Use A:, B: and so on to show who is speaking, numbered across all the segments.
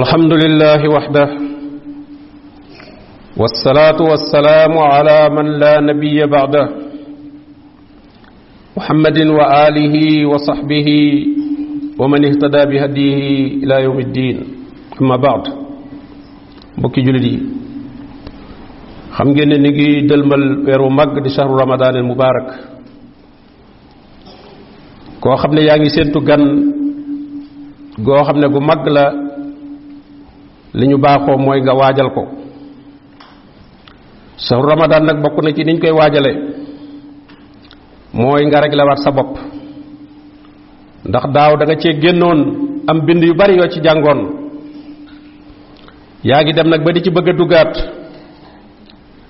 A: الحمد لله وحده والصلاة والسلام على من لا نبي بعده محمد وآله وصحبه ومن اهتدى بهديه إلى يوم الدين أما بعد بكي جلدي خمجن نجي دلمل ويرو مق شهر رمضان المبارك كو خمنا يعني سنتو غن كو خمنا قو liñu ñu moy nga wajal ko sa ramadan nak bokku na ci niñ koy waajale moy nga réglé wat sa bop ndax daw da nga ci gennon am bind yu bari yo ci jangon yaagi dem nak ba di ci bëgg dugaat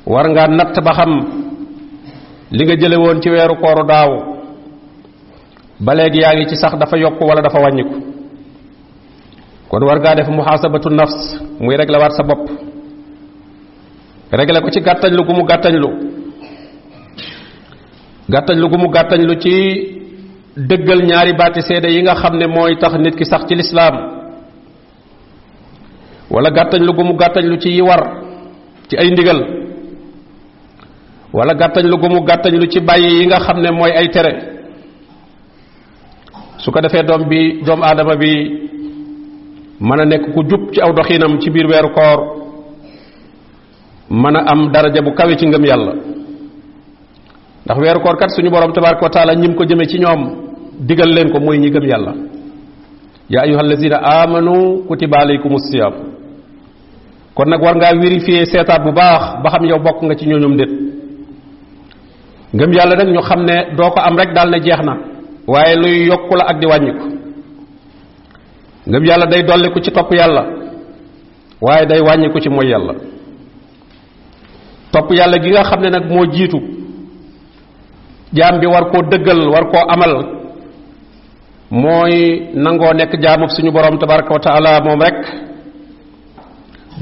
A: war nga nat ba xam li nga jëlé won ci wéru koru daw ba légui yaagi ci sax dafa wala dafa wañiku kon war ngaa def muhasabatu nafs muy régler waat sa bop régler ko ci gumu gu mu gàttañlu lu gumu mu lu ci dëggal ñaari batti sédé yi nga xamné moy tax nit ki sax ci l'islam wala lu gumu mu lu ci yi war ci ay ndigal wala lu gumu mu lu ci bayyi yi nga xamné moy ay téré su ko bi dom adama bi mën a nekk ku jub ci aw doxinam ci biir weeru koor mën a am daraja bu kawe ci ngëm yàlla ndax weeru koor kat suñu borom tabaraka wa taala ñim ko jëme ci ñoom digal leen ko mooy ñi gëm yàlla yaa ayuha allazina amanu kutiba alaykum am kon nag war ngaa vérifier seetaat bu baax ba xam yow bokk nga ci ñooñum déet ngëm yàlla nag ñu xam ne doo ko am rek daal ne jeex na waaye luy yokku la ak di wàññiku ngëm yàlla day ku ci topp yàlla waaye day ku ci mooy yàlla topp yàlla gi nga xam ne nag moo jiitu war koo dëggal war koo amal mooy nangoo nek jaamub suñu borom tabaraka wa taala moom rek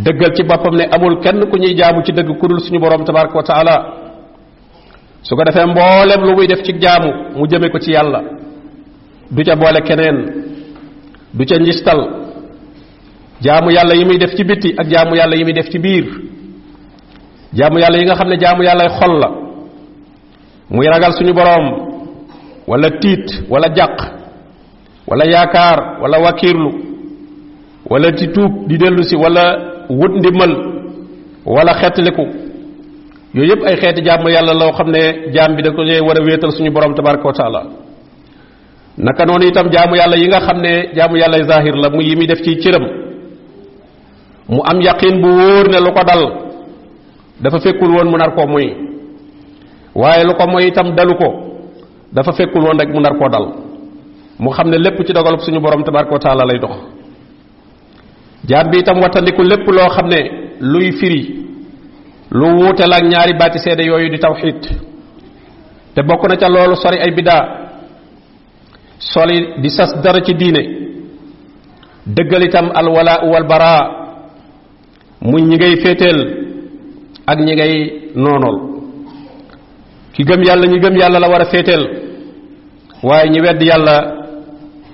A: dëggal ci boppam ne amul kenn ku ñuy jaamu ci dëgg kudul suñu borom tabaraka wa taala su ko defee mboolem lu muy def ci jaamu mu jëme ko ci yàlla du ca boole keneen du ca njistal jaamu yàlla yi muy def ci bitti ak jaamu yàlla yi muy def ci biir jaamu yàlla yi nga xam ne jaamu yàllay xol la muy ragal suñu boroom wala tiit wala jàq wala yaakaar wala wakiirlu walla ci tuub di dellu si wala wut ndimbal wala xeetliku yooyu yëpp ay xeeti jaamu yàlla loo xam ne jaam bi da ko war a wéetal suñu boroom tabaraka wa taala naka noonu itam jaamu yàlla yi nga xam ne jaamu yàlla zahir la mu yi muy def ci cëram mu am yaqin bu wóor ne lu ko dal dafa fekkul woon mu nar koo muy waaye lu ko moy itam dalu ko dafa fekkul woon rek mu nar koo dal mu xam ne lépp ci dogalub suñu borom tabaraka wa taala lay dox jaam bi itam wattandiku lépp loo xam ne luy firi lu wuute la ñaari baati seede yooyu di tawxiit te bokk na ca loolu sori ay bidaa soli di sas dara ci diine dëggal itam alwala wal baraa muñ ñi ngay féeteel ak ñi ngay noonool ki gëm yàlla ñi gëm yàlla la war a féeteel waaye ñi wedd yàlla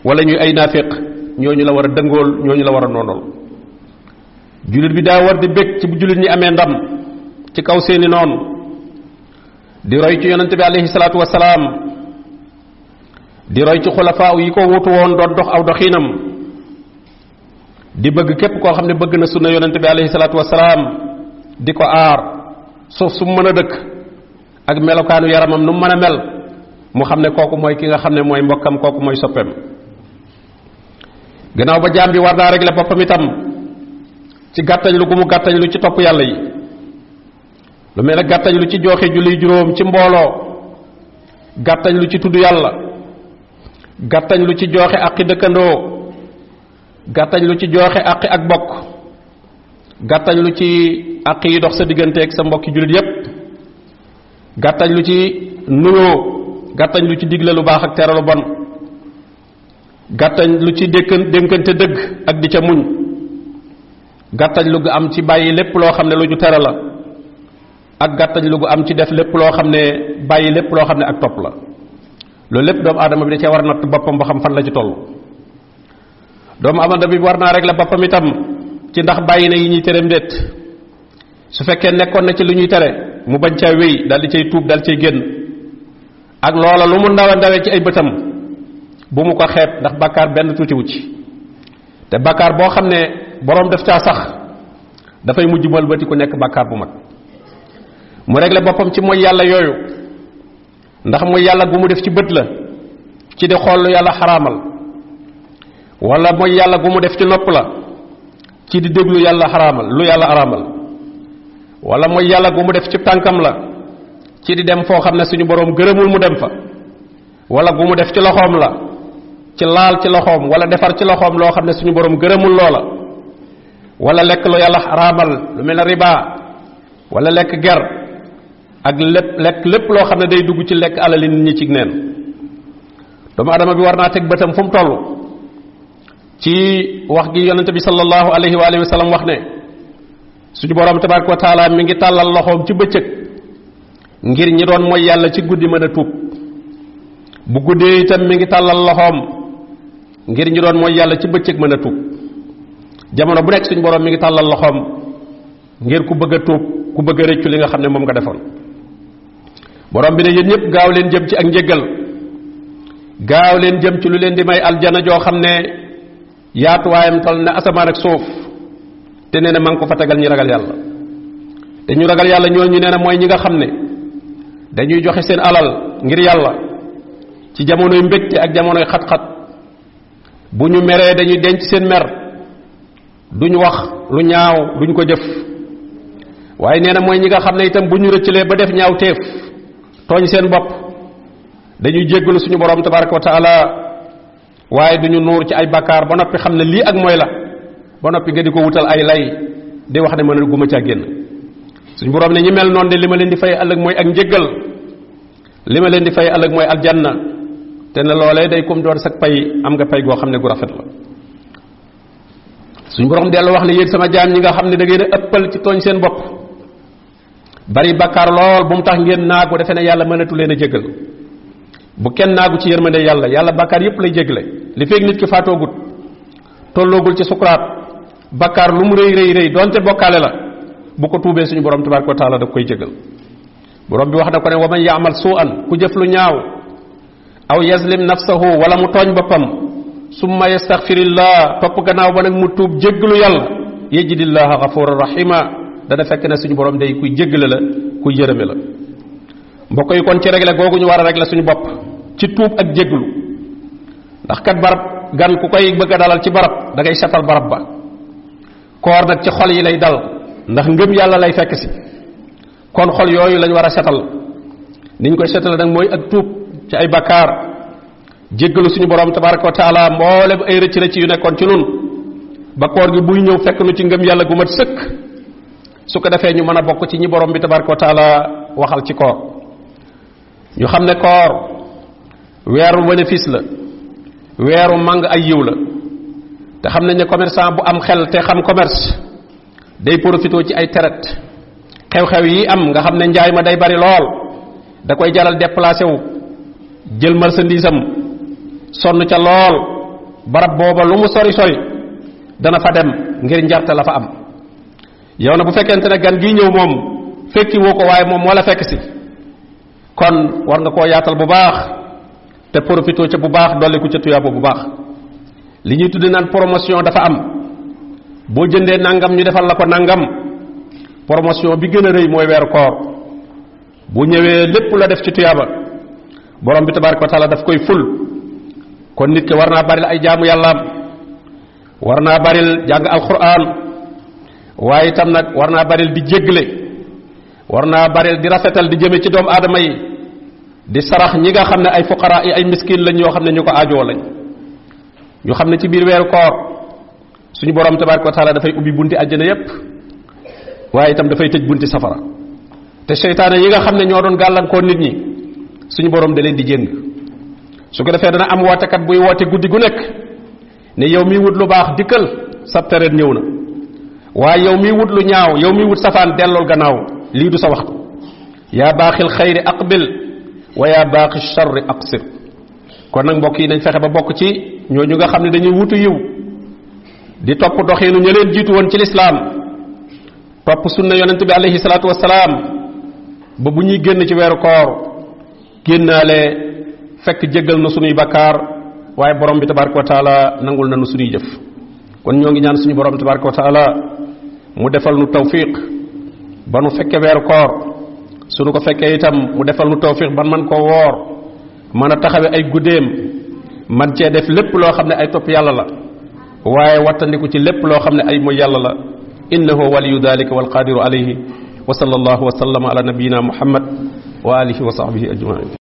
A: wala ñuy ay ñoo ñu la war a dëngool ñu la war a noonool jullit bi daa war di bég ci bu jullit ñi amee ndam ci kaw seeni noon di roy ci yonente bi aleyhi salaatu di roy ci khulafa yi ko wutu won do dox aw doxinam di bëgg képp koo xam ne bëgg na sunna yonente bi alayhi salatu di ko aar suuf su mën a dëkk ak melokaanu yaramam nu mën a mel mu xam ne kooku mooy ki nga xam ne mooy mbokkam kooku mooy soppeem gannaaw ba jaam bi war naa régler boppam itam ci gàttañ lu gu mu gàttañ lu ci topp yàlla yi lu mel ne gàttañ lu ci jooxe julli juróom ci mbooloo gàttañ lu ci tudd yàlla gattañ lu ci joxe aqi dëkkandoo gattañ lu ci joxe aqi ak bokk gattañ lu ci aqi yi dox sa ak sa mbokki julit yépp gattañ lu ci nuyo gattañ lu ci digle lu baax ak tere lu bon gattañ lu ci dénkante dëgg ak di ca muñ gattañ lu gu am ci bàyyi lépp loo xam ne lu ñu tere la ak gattañ lu gu am ci def lépp loo xam ne bàyyi lépp loo xam ak topp la loolu lépp doomu aadama bi da cee war natt boppam ba xam fan la ci toll doomu aadama bi war naa rek la boppam itam ci ndax bàyyi na yi ñuy téreem mbét su fekkee nekkoon na ci lu ñuy tere mu bañ caa wéy dal di cay tuub dal cay génn ak loola lu mu ndawe ndawe ci ay bëtam bu mu ko xeeb ndax benn tuuti wu ci te boo xam ne borom def caa sax dafay mujj malbati ku nekk bàkkaar bu mag mu regle boppam ci mooy yàlla yooyu ndax mu yàlla gu mu def ci bët la ci di xool lu yàlla xaraamal wala mooy yàlla gu mu def ci nopp la ci di déglu yàlla xaraamal lu yàlla araamal wala mooy yàlla gu mu def ci tànkam la ci di dem foo xam ne suñu borom gërëmul mu dem fa wala gu mu def ci loxoom la ci laal ci loxoom wala defar ci loxoom loo xam ne suñu borom gërëmul loola wala lekk lu yàlla xaraamal lu mel ne riba wala lekk ger ak lepp lek lepp lo xamne day dugg ci lek alal nit ñi ci neen doomu adama bi warna tek batam bëtam fu mu toll ci wax gi yonente bi sallallahu alayhi wa alihi wasallam wax ne suñu borom tabaraka taala mi ngi talal loxom ci beccëk ngir ñi doon moy yalla ci guddi mën a bu guddé itam mi ngi talal loxom ngir ñi doon moy yalla ci beccëk mëna jamono bu nekk suñu borom mi ngi talal loxom ngir ku bëgg a ku bëgg reccu li nga xamne mom nga defoon borom bi ne yéen ñëpp gaaw leen jëm ci ak njëggal gaaw leen jëm ci lu leen di may aljana joo xam ne yaatuwaayam tol na asamaan ak suuf te nee na ma ngi ko fa tegal ñu ragal yàlla te ñu ragal yàlla ñooñu nee na mooy ñi nga xam ne dañuy joxe seen alal ngir yàlla ci jamonoy mbégte ak jamonoy xat-xat bu ñu meree dañuy denc seen mer duñu wax lu ñaaw duñ ko jëf waaye nee na mooy ñi nga xam ne itam bu ñu rëccalee ba def ñaaw teef togn sen bop dañuy jéggalu suñu borom tabaaraku taala waye duñu nuur ci ay bakkaar ba nopi xam li ak moy la ba nopi nga di ko wutal ay lay di wax ne mën guma ca genn suñu borom ne ñi mel non de lima leen di fay ak moy ak jéggal lima leen di fay ëllëg mooy aljanna té na lolé day kum door sak pay am nga pay go xamne gu rafet la suñu borom delu wax ne yéen sama jaam ñi nga xamne da ngay ëppal ci togn sen bopp bari bakkaar lool bu mu tax ngeen naagu defe ne yàlla mënatu leen a jégal bu kenn naagu ci yërmande yàlla yàlla bakkaar yépp lay jégle li feeg nit ki faatoogut tolloogul ci sukuraat bakkaar lu mu rëy rëy rëy donte bokkaale la bu ko tuubee suñu borom tabaraka wa taala daf koy jégal borom bi wax na ko ne wa man yaamal suu'an ku jëf lu ñaaw aw yazlim nafsahu wala mu tooñ boppam summa yastaghfirillah topp gannaaw ba nag mu tuub jéggalu yàlla yajidillah ghafura rahima dana fekk ne suñu borom day kuy jéggale la kuy yërëme la mbokk yi kon ci regle googu ñu war a regle suñu bopp ci tuub ak ndax kat barab gan ku koy bëgg a dalal ci barab da ngay setal barab ba koor nag ci xol yi lay dal ndax ngëm yàlla lay fekk si kon xol yooyu lañ war a setal niñ koy setal nag mooy ak tuub ci ay bakkaar jéggalu suñu borom tabaraka wa taala mboolem ay rëcc rëcc yu nekkoon ci nun ba koor gi buy ñëw fekk nu ci ngëm yàlla gu mat sëkk su ko defee ñu mën a bokk ci ñi borom bi tabaraka wa taala waxal ci koor ñu xam koor weeru bénéfice la weeru mang ay yiw la te xam nañ commerçant bu am xel te xam commerce day profito ci ay teret xew-xew yi am nga xam ne njaay ma day bari lool da koy jaral déplacé wu jël marchandise am sonn ca lool barab booba lu mu sori sori dana fa dem ngir njarte la fa am yow na bu fekkente ne gan gi ñëw moom fekki woo ko waaye moom moo la fekk si kon war nga koo yaatal bu baax te profité ca bu baax dolliku ca tuyaaba bu baax li ñuy tudde naan promotion dafa am boo jëndee nangam ñu defal la ko nangam promotion bi gën a rëy mooy weeru koor bu ñëwee lépp la def ci tuyaaba borom bi tabaraka wa taala koy ful kon nit ki war naa baril ay jaamu yàllaam war naa baril jàng alquran waaye itam nag war naa baril di jéggle war naa baril di rafetal di jëme ci doomu aadama yi di sarax ñi nga xam ne ay fuqara ay miskin lañ yoo xam ne ñu ko aajoo lañ ñu xam ne ci biir weeru koor suñu borom tabaraka wa taala dafay ubbi bunti àjjana yépp waaye itam dafay tëj bunti safara te seytaane yi nga xam ne ñoo doon gàllankoor nit ñi suñu borom da leen di jéng su ko defee dana am wootekat buy woote guddi gu nekk ne yow mi wut lu baax dikkal sab tereet ñëw na waaye yow mi wut lu ñaaw yow mi wut safaan dellool gannaaw lii du sa waxtu yaa baaxil xayri aqbil wa yaa baaxi charri aqsir kon nag mbokk yi nañ fexe ba bokk ci ñooñu nga xam ne dañuy wutu yiw di topp doxinu ña leen jiitu woon ci lislaam topp sunna yonente bi alayhi salaatu wasalaam ba bu ñuy génn ci weeru koor génnaale fekk jéggal na sunuy bakkaar waaye borom bi tabaraka wa taala nangul na nu sunuy jëf kon ñoo ngi ñaan suñu borom tabaraka wa taala mu defal nu tawfiq ba nu fekke wer koor sunu ko fekke itam mu defal nu tawfiq ban man ko wor mana taxawe ay gudem man ci def lépp lo xamné ay top yàlla la waye watandiku ci lépp lo xamné ay mo yàlla la innahu dhalika wal walqadiru alayhi wa sallallahu wa sallama ala nabiyyina muhammad wa alihi wa sahbihi ajmain